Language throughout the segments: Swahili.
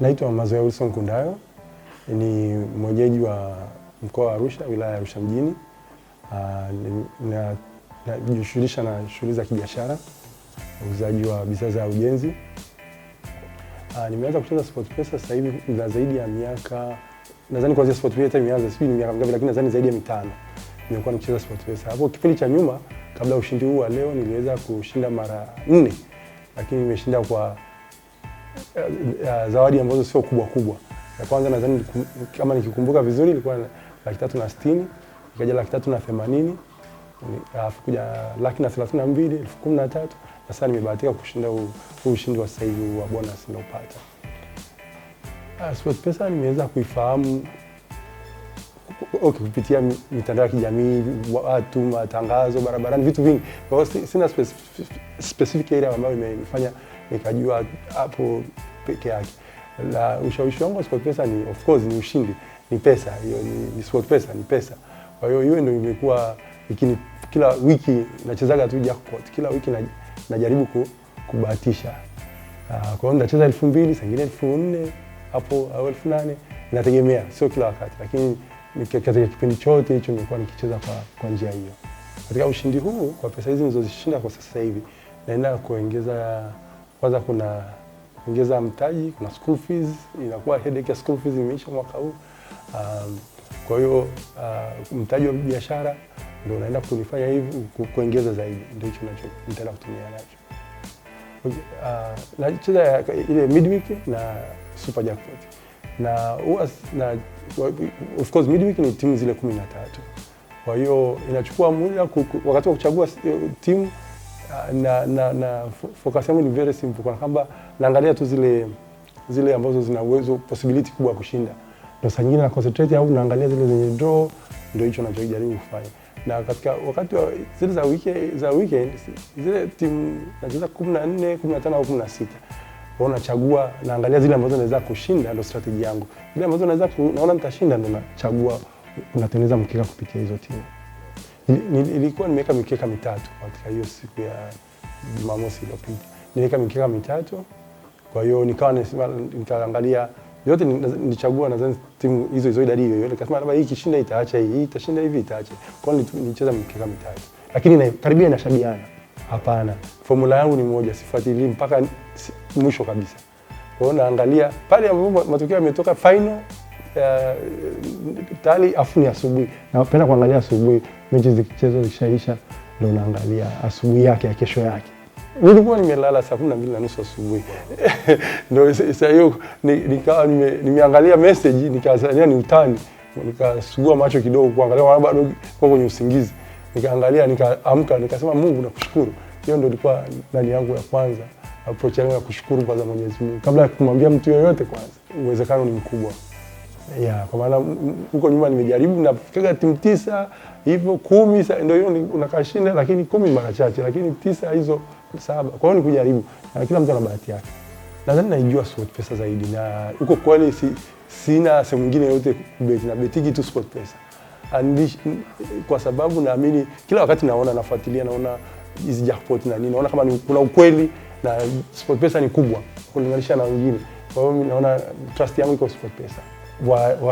Naitwa Mazoea Wilson Kundayo, ni mwenyeji wa mkoa wa Arusha, wilaya ya Arusha mjini. Ah, Najishughulisha na, na shughuli za kibiashara, uuzaji wa bidhaa za ujenzi. Ah, nimeanza kucheza SportPesa sasa hivi na zaidi ya miaka nadhani kuanzia SportPesa imeanza, sijui ni miaka mingapi, lakini nadhani zaidi ya mitano nimekuwa nikicheza SportPesa. Hapo kipindi cha nyuma kabla ushindi huu wa leo niliweza kushinda mara nne, lakini nimeshinda kwa Eh, eh, zawadi ambazo sio kubwa kubwa. Ya kwanza nadhani kama nikikumbuka vizuri ilikuwa laki tatu na sitini, ikaja laki tatu na themanini, alafu kuja laki na thelathini na mbili, elfu kumi na tatu sasa nimebahatika kushinda huu ushindi wa sasa hivi wa bonus ninaopata. Ah, SportPesa nimeweza kuifahamu okay, kupitia mitandao ya kijamii, watu, matangazo barabarani, vitu vingi. Kwa hiyo sina specific area ambayo imenifanya nikajua hapo peke yake. La ushawishi wangu wa Pesa ni of course ni ushindi, ni pesa hiyo, ni, ni Sport Pesa ni pesa. Kwa hiyo hiyo ndio imekuwa ikini, kila wiki nachezaga tu jackpot, kila wiki na, najaribu ku, kubahatisha. Uh, kwa hiyo nacheza elfu mbili saa ingine elfu nne hapo au elfu nane inategemea, sio kila wakati, lakini katika kipindi chote hicho nimekuwa nikicheza kwa, kwa njia hiyo. Katika ushindi huu kwa pesa hizi nilizozishinda kwa sasa hivi naenda kuongeza kwanza kuna ongeza mtaji, kuna school fees, inakuwa headache ya school fees imeisha mwaka huu. Um, kwa hiyo uh, mtaji wa biashara ndio unaenda kunifanya hivi kuongeza zaidi, ndio hicho nacho nitaenda kutumia nacho. Uh, nacheza ile midweek na super jackpot na, uas, na of course midweek ni timu zile 13 kwa hiyo inachukua muda wakati wa kuchagua eh, timu na, na, na focus yangu ni very simple, kwa kwamba naangalia tu zile zile ambazo zina uwezo possibility kubwa ya kushinda, ndio saa nyingine na concentrate au naangalia zile zenye draw, ndio hicho ninachojaribu kufanya. Na katika wakati wa zile za weekend, za weekend zile timu nacheza 14, 15 au 16 kwa nachagua naangalia zile ambazo naweza kushinda, ndio strategy yangu. Zile ambazo naweza naona nitashinda, ndio nachagua, unatengeneza mkeka kupitia hizo timu. Nilikuwa nimeweka mikeka mitatu katika hiyo siku ya Jumamosi iliyopita, nimeweka mikeka mitatu. Kwa hiyo nikawa nasema, nitaangalia yote nilichagua, nadhani timu hizo hizo idadi hiyo nikasema labda hii ikishinda itaacha hii, itashinda hivi itaacha. Kwa hiyo nilicheza mikeka mitatu, lakini na, karibia shabiana, Hapana, formula yangu ni moja, sifuatilii mpaka mwisho kabisa. Kwa hiyo naangalia pale ambapo matokeo yametoka final Eh, tayari afu ni asubuhi. Napenda kuangalia asubuhi mechi zikichezwa zikishaisha, ndo naangalia asubuhi yake ya kesho yake. Nilikuwa nimelala saa kumi na mbili na nusu asubuhi ndo saa hiyo nikawa nimeangalia meseji nikazania ni utani, nikasugua macho kidogo kuangalia bado kwa kwenye usingizi, nikaangalia nikaamka, nikasema Mungu nakushukuru. Hiyo ndo ilikuwa ndani yangu ya kwanza approach yangu ya kushukuru kwanza Mwenyezi Mungu kabla ya kumwambia mtu yoyote. Kwanza uwezekano ni mkubwa. Yeah, kwa maana huko nyuma nimejaribu napiga timu tisa hivyo kumi, ndio hiyo unakashinda, lakini kumi mara chache, lakini tisa hizo saba. Kwa hiyo ni kujaribu, na kila mtu ana bahati yake. Nadhani naijua SportPesa zaidi, na huko kwani si, sina sehemu nyingine yote kubeti na betiki tu SportPesa kwa sababu naamini kila wakati naona nafuatilia naona hizi jackpot na nini naona kama ni, kuna ukweli na SportPesa ni kubwa kulinganisha na wengine. Kwa hiyo naona trust yangu iko SportPesa wajaribu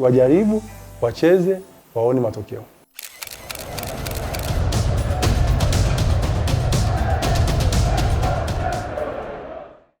wa, wa, wa wacheze waone matokeo.